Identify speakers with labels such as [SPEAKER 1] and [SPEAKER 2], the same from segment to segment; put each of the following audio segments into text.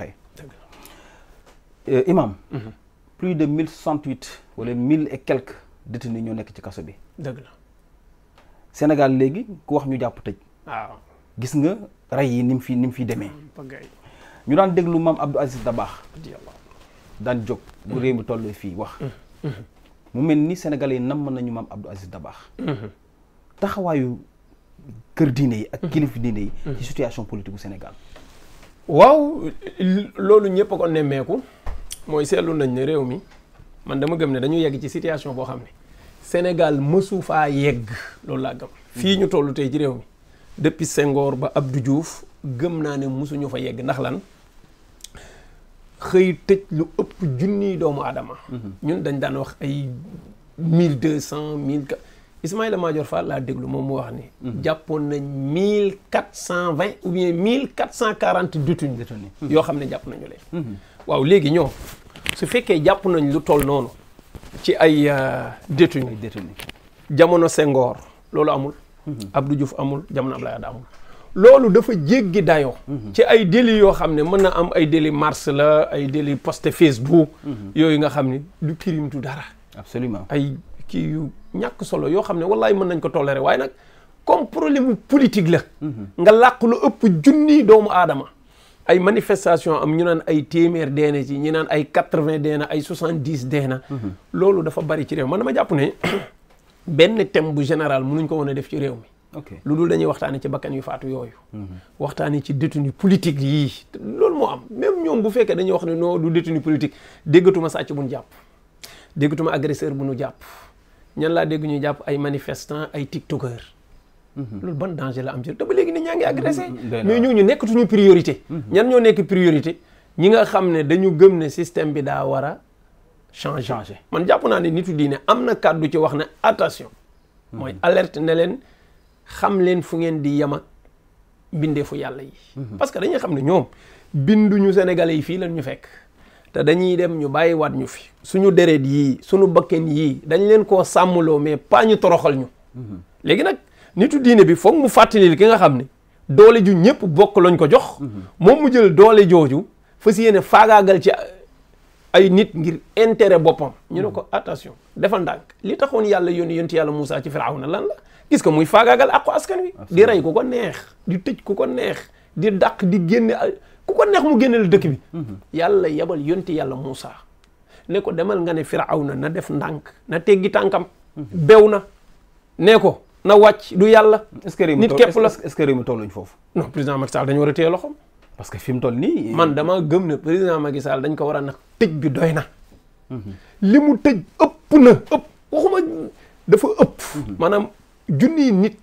[SPEAKER 1] waxee. Euh, imam mhm. plus de mille soixante huit wala mille et quelques détenus ñoo nekk ci kaso bi. dëgg léegi ku wax ñu jàpp tëj. gis nga rey yi ni fi ni mu fi demee. Mm, ñu daan déglu maam Abdou Aziz Dabakh. daan jóg bu réew mi tollu fii wax. Mm, mm. mu mel ni Sénégalais yi namm nañu maam Abdou Aziz Dabakh. Mm-hmm. taxawaayu kër diine yi ak mm-hmm. kilif diine yi. Mm-hmm. ci situation politique bu Sénégal. waaw
[SPEAKER 2] loolu ñëpp ko nemmeeku mooy seetlu nañ ne réew mi man dama gëm ne dañu yegg ci situation boo xam ne Sénégal mësu faa yegg loolu laa gëm. fii ñu toll tey ci réew mi depuis Senghor ba ab du juuf gëm naa ne mësuñu fa yegg ndax lan xëy tëj lu ëpp junniy doomu aadama. Mhm. ñun dañ daan wax ay mille deux cent mille Ismaïla Madior Fall laa déglu moom mu wax ni. Mhm. jàppoon nañ mille quatre cent vingt bien mille quatre cent quarante détenus mhm. yoo xam ne jàpp nañu leen. Mhm. waaw léegi ñoo su fekkee jàpp nañ lu toll noonu ci ay euh, détenus jamono sengoor loolu amul. ab du Diouf amul jamono Abdoulaye Wade amul. loolu dafa jéggi dayo ci ay délits yoo xam ne mën na am ay délits mars la ay délits poste Facebook. yooyu nga xam ni du crime du dara. absolument ay. kii yu ñàkk solo yoo xam ne wallaay mën nañ ko tolérer waaye nag comme problème politique la nga làq lu ëpp junni doomu aadama ay manifestation am ñu naan ay téeméer deena ci ñu naan ay quatre-vingt deena ay soixante-dix deena loolu dafa bari ci réew man ma jàpp ne benn thème bu général mënuñ ko woon a def ci réew mi lu dul dañuy waxtaanee ci bakkan yu faatu yooyu. Mhm. waxtaanee ci détenu politique yii. loolu moo am même ñoom bu fekkee dañuy wax ne non du détenu politique déggatuma sàcc bu nu jàpp déggatuma agresseur bu nu jàpp. ñan laa dégg ñu jàpp ay manifestant ay tiktokeur mhm. loolu ban danger la am ci te ba léegi nit ñaa ngi mhm. agressé mhm. mais ñu ñu nekkatuñu priorité ñan ñoo nekk priorité ñi nga xam ne dañu gëm ne système bi daa war a changer man jàpp naa ne nitu diine am na kàddu ci wax ne attention mooy alerte ne leen xam leen fu ngeen di yem ak fu yàlla yi parce que dañuy xam ne ñoom binduñu sénégalais yi fii lañ ñu fekk te dañuy dem ñu bàyyi waat ñu fi suñu deret yii suñu bakken yii dañ leen koo sàmmloo mais pas ñu toroxal ñu mhm. léegi nag nitu diine bi foog mu fàttalil ki nga xam ne doole ju ñëpp bokk lañ ko jox mhm. moom mu jël doole jooju fas yéene faagaagal ci ay nit ngir intérêt boppam ñu ne mhm. ko attention defal ndànk li taxoon yàlla yónni yonti yàlla Moussa ci na lan la gis ko muy faagaagal ko askan wi di rey ku ko neex di tëj ku ko neex di dàq di génne ku ko neex mu génneel dëkk bi mhm. yàlla yabal yonti yàlla Moussa ne ko demal nga ne Firawna na na def ndànk na teggi tànkam mhm. bew na nee ko na wàcc du yàlla nit képp la est-ce que réew foofu non président Macky Sall war a téye loxom parce que fi mu toll nii man dama gëm ne président Macky Sall dañ ko war a nag tëj bi doy na mhm. li mu tëj ëpp na ëpp waxuma dafa ëpp maanaam junniy nit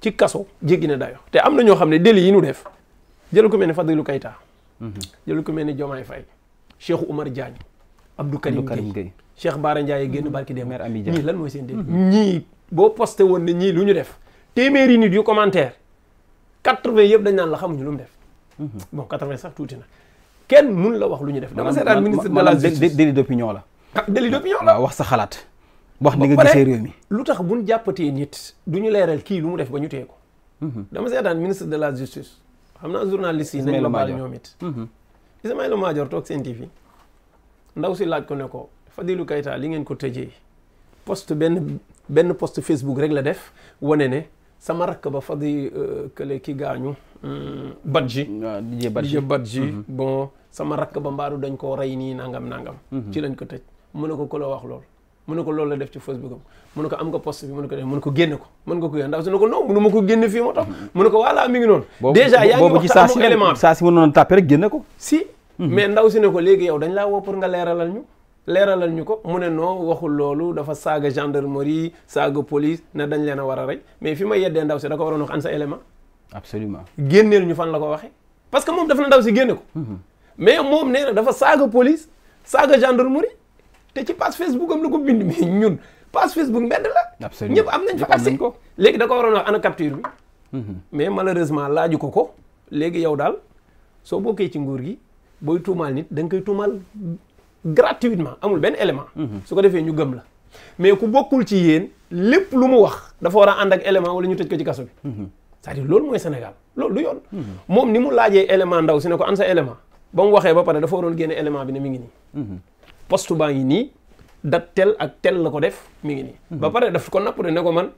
[SPEAKER 2] ci kaso jéggi na dayo te am na ñoo xam ne délit yi ñu def jël ko mel ne Fadilou Keita Mm-hmm. jël ku mel ni Diomaye Faye Cheikh Oumar Diagne Abdou Karim Gueye Cheikh Bara Ndiaye génn mm-hmm. barki dem maire Amidia ñii lan mooy seen dégg mm-hmm. ñii boo posté woon ne ñii lu ñu def téeméeri nit yu commentaire quatre-vingt yëpp da naan la xamuñu lu mu def bon quatre sax tuuti na kenn mun la wax lu ñu def dama seetaan ministre de la justice
[SPEAKER 1] délit d'opinion la ah wax sa xalaat wax ni nga gisee réew mi
[SPEAKER 2] lu tax buñ jàppatee nit du ñu leeral kii lu mu def ba ñu tee ko dama seetaan ministre de la justice xam naa journaliste yi nañ ma baal ñoom it mhm. Ismaïla Madior toog seen TV ndaw si laaj ko ne ko Fadilou Keita li ngeen ko tëjee post benn benn post Facebook rek la def wane ne sama rakk ba Fadi euh, kële ki gaañu hmm, Badji Badji Badji mhm. bon sama rakk ba mbaaru dañ koo rey nii nangam nangam mhm. ci lañ ko tëj mu ne ko ku la wax loolu mu ne ko loolu def ci facebook am ko am nga post bi ne ko def mu ne ko génne ko mën nga ko yéen ndax su ne ko non mënu ma ko génne fii moo tax mu ne ko voilà mi ngi noonu dèjà yaa ngi waxtaan élément bi
[SPEAKER 1] saa si ko si
[SPEAKER 2] mhm. mais ndaw si ne ko léegi yow dañ laa woo pour nga leeralal ñu leeralal ñu ko mu ne non waxul loolu dafa saaga gendarmerie saaga police ne dañ leen a war a rey mais fi ma yeddee ndaw si da ko waroon wax an sa élément absolument génneel ñu fan la ko waxee parce que moom daf na ndaw si génne ko mhm. mais moom nee na dafa saaga police saaga gendarmerie te ci page Facebook am la ko bind mais ñun page Facebook mbedd la.
[SPEAKER 1] absolument ñëpp am nañ fa accès
[SPEAKER 2] ko. léegi da ko waroon wax ana capture bi. Mhm. mais malheureusement laaju ko ko. léegi yow daal soo bokkee ci nguur gi booy tuumaal nit da nga koy tuumaal gratuitement amul benn élément. Mhm. su ko defee ñu gëm la. mais ku bokkul ci yéen lépp lu mu wax dafa war a ànd ak élément wala ñu tëj ko ci kaso bi. Mhm. cest loolu mooy Sénégal loolu du yoon. moom ni mu laajee élément ndaw si ne ko am sa élément ba mu waxee ba pare dafa waroon génne élément bi ne mi ngi nii. poste baa ngi nii dat tel ak tel la ko def mi ngi nii. Mhm. ba pare daf ko napp de ne ko man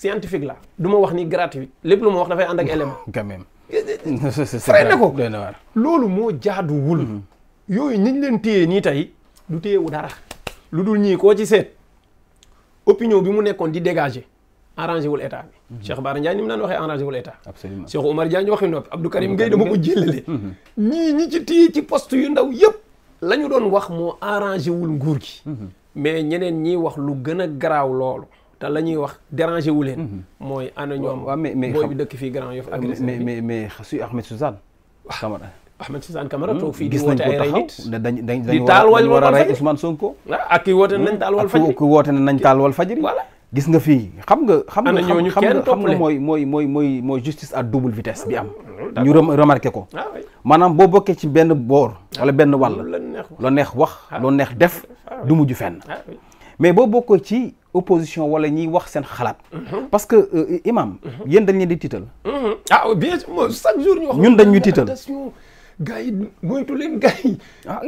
[SPEAKER 2] scientifique la du ma wax ni gratuit
[SPEAKER 1] lépp lu ma wax dafay ànd ak element quand même. Eh, eh, fay na ko loolu moo jaaduwul.
[SPEAKER 2] Mhm. yooyu ñiñ leen téye nii tey du wu dara. lu dul ñii koo ci seet opinion bi mu nekkoon di dégager arrangé wul état bi. Mhm. Cheikh Bara Ndiaye ni mu daan waxee arrangé wul état. absolument Cheikh Oumar Diagne waxi noppi Abdou Karim Gueye dama ko jëlale. ñii ñi ci téye ci poste yu ndaw yëpp. la ñu doon wax moo arrangé wul nguur gi. Mhm. mais ñeneen ñiy wax lu gën a garaaw loolu. te la ñuy wax dérangé wu leen. Mhm. mooy ana ñoom. waaw mais mais booy bi dëkk
[SPEAKER 1] fii Grand Yoff agressé mais mais mais suy Ahmed Suzanne. Ah, Camara
[SPEAKER 2] Ahmed Suzanne Camara toog fii di woote ay rey nit gis nañ ko taxaw dañ dañ dañ war a rey Ousmane Sonko.
[SPEAKER 1] Ah, ak ki woote nañ hmm? taal wal fajri ak ku woote nañ taal wal fajri. gis nga fii xam nga. xam nga xam nga mooy mooy mooy mooy mooy justice à double vitesse bi am. ñu remarqué ko. Ah maanaam boo bokkee ci benn boor. Ah, wala benn wàll. loo neex wax loo neex ah. def du mujj fenn. mais boo bokkoo ci opposition wala ñiy wax seen xalaat. Mhm. parce que euh, imam mhm. yéen dañ leen di tiital. Mhm. ah bien sûr
[SPEAKER 2] chaque jour ñu wax. ñun dañ ñuy tiital. gars yi moytu leen gars yi.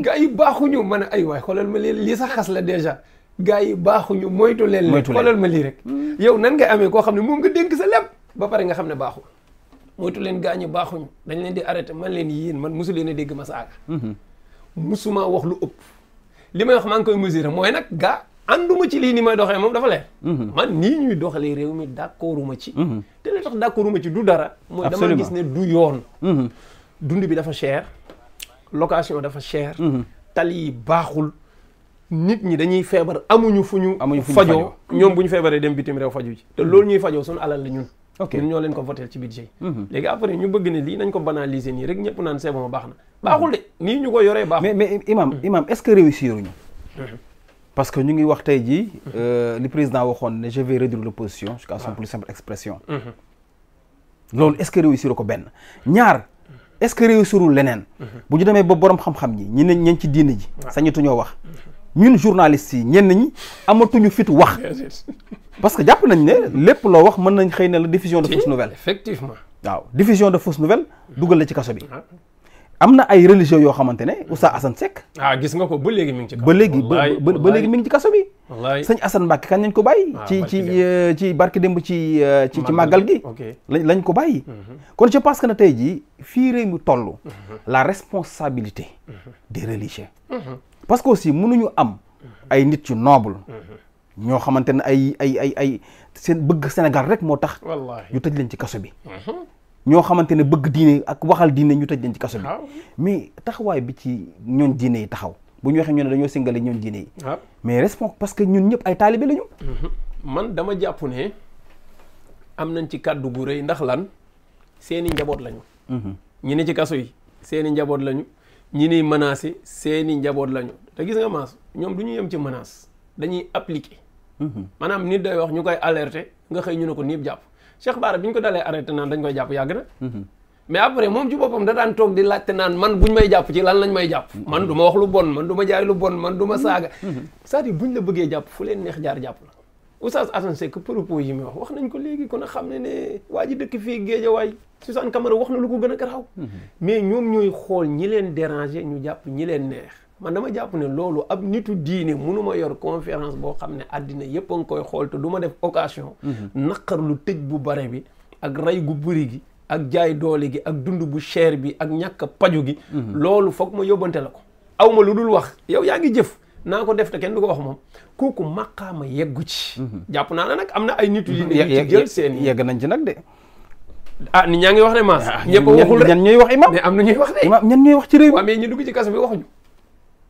[SPEAKER 2] gars yi baaxuñu man ay waay xoolal ma lii sax xas la déjà. gars yi baaxuñu moytu leen leen xoolal ma lii rek hmm. yow nan nga amee koo xam ne moom nga dénk sa lépp ba pare nga xam ne baaxul moytu leen gaañu baaxuñu dañ leen di arrêté man leen yéen man mosu leen a dégg ma saaga hmm. wax lu ëpp li may wax ma ngi koy mesurer mooy nag gaa ànduma ci lii ni may doxee moom dafa leer hmm. man nii ñuy doxalee réew mi d'accorduma ci te li tax d'accorduma ci du dara mooy dama gis ne du yoon dund bi dafa cher location dafa cher tali baaxul nit ñi dañuy feebar amuñu fu ñu. amuñu fu ñu fajoo mm-hmm. ñoom bu ñu feebaree dem bitim réew faju ji. te loolu ñuy fajoo suñu alal la ñun. ok ñun ñoo leen ko voté ci budget yi. Mm-hmm. léegi après ñu bëgg ne lii nañ ko banaliser nii rek ñëpp naan c'est bon baax na.
[SPEAKER 1] baaxul de nii ñu ko yoree baax. mais mais imam mm-hmm. imam est que ñu. ngi wax tey jii. Euh, li président waxoon ne je vais réduire l'opposition jusqu'à son ah. plus expression. loolu ko benn ñaar. est-ce que réussirul leneen. bu ñu demee ba borom xam-xam ñi ñi ne ñañ ci diine ji. Ah. sañatu ñoo wax. ñun journalistes yi ñenn ñi amatuñu fit wax parce que jàpp nañ ne lépp loo wax mën nañ xëy na la diffusion de fausse nouvelle
[SPEAKER 2] effectivement
[SPEAKER 1] waaw diffusion de fausse nouvelle dugal la ci kaso bi ah. am na ay religieux yoo xamante ne Oustaz Assane Seck
[SPEAKER 2] ah gis nga ko ba léegi mi ngi ci ba léegi ba léegi mi ngi ci kaso bi sëñ Assane
[SPEAKER 1] Mbacke kan lañ ko bàyyi ah, ci ci euh, ci barke démb ci euh, ci ci màggal gi lañ lañ ko bàyyi mhm. kon je pense que na tey jii fii réew mi toll mhm. la responsabilité mhm. des religieux parce que aussi mënuñu am ay nit yu noble ñoo xamante ne ay ay ay ay seen bëgg Sénégal rek moo tax ñu tëj leen ci kaso bi mhm. ñoo xamante ne bëgg diine ak waxal diine tëj leen ci kaso bi mais taxawaay bi ci ñoon diine yi taxaw bu ñu waxee ñu ne dañoo singale ñoon diine yi ah. mais respons parce que ñun ñëpp ay taalibe lañu mhm.
[SPEAKER 2] man dama jàppu ne am nañ ci kàddu gu rëy ndax lan seeni njaboot lañu mhm. ñu ne ci kaso yi seeni njaboot lañu ñu ni menacé seeni njaboot lañu te gis nga maas ñoom du ñu yem ci menace dañuy appliquer. Mhm. maanaam nit day wax ñu koy alerter nga xëy ñu ne ko niib jàpp Cheikh Bara bi ñu ko dalee arrêté naan dañ koy jàpp yàgg na. Mhm. mais après moom da daan di laajte naan man buñ may jàpp ci lan lañ may jàpp. Mhm. du ma wax lu bon man du ma jaay lu bon man du ma saaga. cest à buñ la bëggee jàpp fu leen neex jaar jàpp la. Oustaz Assane Seck propos yi muy wax wax nañ ko léegi kon a xam ne ne waa ji dëkk fii Géejawaay Suzanne Camara wax na lu ko gën a garaaw mhm. mais ñoom ñooy xool ñi leen déranger ñu jàpp ñi leen neex man dama jàpp ne loolu ab nitu diine ma yor conférence boo xam ne àddina yépp a nga koy xool te du ma def occasion mhm. naqar lu tëj bu bare bi ak rey gu bëri gi ak jaay doole gi ak dund bu cher bi ak ñàkk paju gi mhm. loolu foog ma yóbbante ko aw ma lu dul wax yow yaa ngi jëf naa ko def te kenn du ko wax moom kooku maqaama yeggu ci jàpp naa ne nag am na ay nitu diine yi ci jël seen yegg nañ ci nag de ah nit ñaa ngi wax ne maas. Ah, ñëpp ñan
[SPEAKER 1] ñooy wax imam mais na ñuy wax de. imam ñan ñooy wax ci réew mi. waaw ñu dugg ci kaso waxuñu.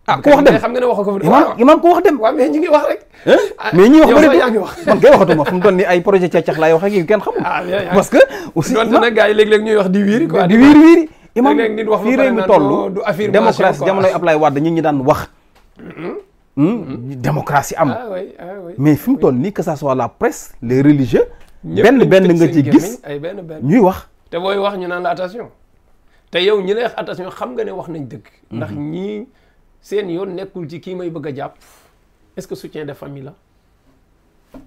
[SPEAKER 1] Ah, ah, ku wax dem xam ku wax dem. waaw ñu wax rek. mais ñi wax que aussi donte nag gars yi léeg-léeg ñuy wax di wiiri quoi ñi ñi daan wax mm-hmm. hmm? démocratie am mais fi mu toll nii que ça soit la presse les religieux benn benn nga ci gis ay benn benn ñuy wax
[SPEAKER 2] te booy wax ñu naan la attention te yow ñu lay wax attention xam nga ne wax nañ dëkk mhm. ndax ñii seen yoon nekkul ci kii may bëgg a jàpp est-ce que soutien de famille la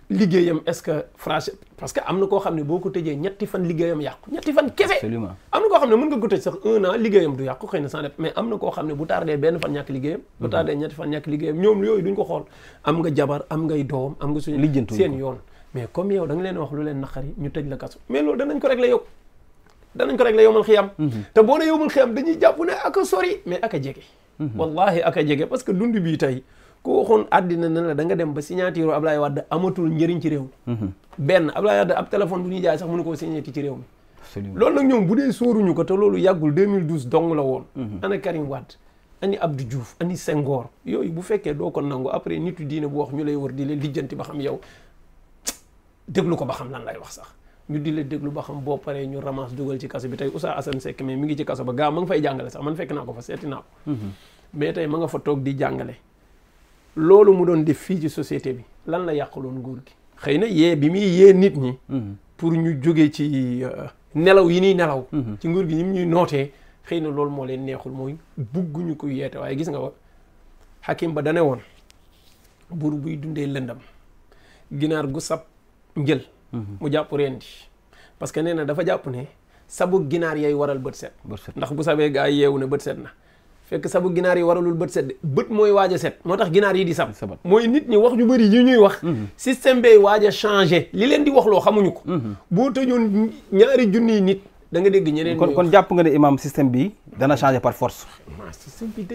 [SPEAKER 2] liggéeyam est-ce que franchi parce que am na koo xam ne boo ko tëjee ñetti fan liggéeyam yàqu ñetti fan kese absolument am ne mën nga ko tëj sax un an liggéeyam du yàqu xëy na sans def mais am na koo xam ne bu tardee benn fan ñàkk liggéeyam bu mhm. tardee ñetti fan ñàkk liggéeyam ñoom yooyu duñ ko xool am nga jabar am ngay doom am nga suñu lijjantu seen yoon mais comme yow da nga leen wax lu leen naqari ñu tëj la kaso mais loolu danañ ko régler yow danañ ko régler yowmal xiyam mhm. te boo ne yowmal xiyam dañuy jàpp ne ak a sori mais ak a jege mhm. parce que dund bii tey ku waxoon àddina ne la da nga dem ba signature Ablaye Wade amatul njëriñ ci réew mi mhm. benn Ablaye Wade ab téléphone bu ñuy jaay sax mënu ko signé ci réew
[SPEAKER 1] lool loolu nag ñoom bu dee ñu ko te loolu
[SPEAKER 2] yàggul 2012 dong la woon ana Karim Wade ani Abdou Diouf ani Senghor yooyu bu fekkee doo ko nangu après nitu diine bu ñu lay wër di la lijjanti ba xam yow déglu ko ba xam lan lay wax sax ñu di la déglu ba xam boo paree ñu ramas dugal ci kaso bi tey Oustaz Assane Seck mais mi ngi ci kaso ba gaa ma nga fay jàngale sax man fekk naa ko fa seeti naa ko mhm. mais tey ma nga fa toog di jàngale loolu mu doon def fii ci société bi lan la yàqaloon nguur gi xëy na yee bi muy yee nit ñi mhm. pour ñu jóge ci euh, nelaw yi nii nelaw mhm. ci nguur gi ñi ñuy nootee xëy na loolu moo leen neexul mooy bugguñu ko yeete waaye gis nga wa xakim ba dane woon buur buy dundee lëndam ginaar gu sab njël mhm. mu jàpp rendi parce que nee na dafa jàpp ne sabu ginaar yay waral bët set ndax bu sabee gaa yi yeewu ne bët set na fekk sabu ginaar yi waralul bët set de bët mooy waaj a set moo tax ginaar yi di sab mooy nit ñi wax ñu bëri yi ñuy wax
[SPEAKER 1] mhm. système bee waaj a changé li leen di wax loo xamuñu ko mhm. boo tëjoon ñaari yi nit danga nga dégg ñeneen kon kon jàpp nga ne imam système bi dana changé par force
[SPEAKER 2] ma système bi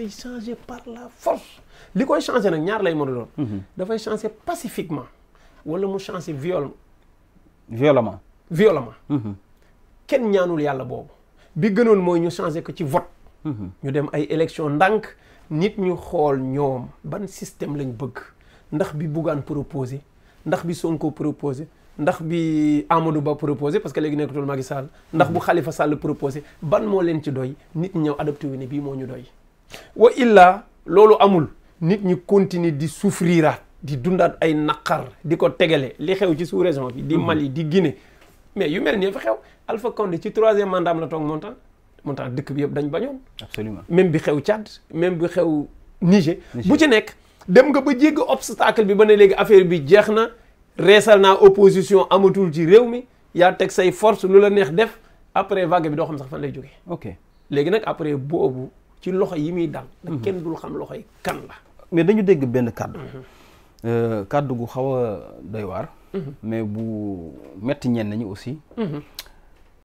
[SPEAKER 2] par la force
[SPEAKER 1] li koy changé nag ñaar lay mën doon
[SPEAKER 2] dafay changé wala mu chancé viol violemment
[SPEAKER 1] violemment mm-hmm.
[SPEAKER 2] kenn ñaanul yàlla boobu bi gënoon mooy ñu changé ko ci vote mm-hmm. ñu dem ay élection ndànk nit ñu xool ñoom ban système lañ bëgg ndax bi Bougane proposé ndax bi Sonko proposé ndax bi Amadou Ba proposé parce que léegi nekkatul Macky Sall ndax bu xalifa mm-hmm. Sall proposé ban moo leen ci doy nit ñëw adopté wu bii moo ñu doy wa illa loolu amul nit ñi continuer di souffriraat di dundaat ay naqar di ko tegale li xew ci sous-région bi di mal mhm. Mali di gine mais yu mel nii fa xew Alpha Condé ci troisième mandat la toog montant montant dëkk bi yëpp dañ bañoon absolument même bi xew Tchad même bi xew Niger bu ci nekk dem nga ba jégg obstacle bi ba ne léegi affaire bi jeex na reesal naa opposition amatul ci réew mi yaa teg say force lu la neex def après vague bi doo xam sax fan lay jógee ok léegi nag après boobu ci loxo yi muy dal da mhm. kenn dul xam loxo yi
[SPEAKER 1] kan mais dañu dégg benn kàddu mhm. Euh, kàddu gu xaw a doy waar mhm. mais bu metti ñenn ñi aussi mhm.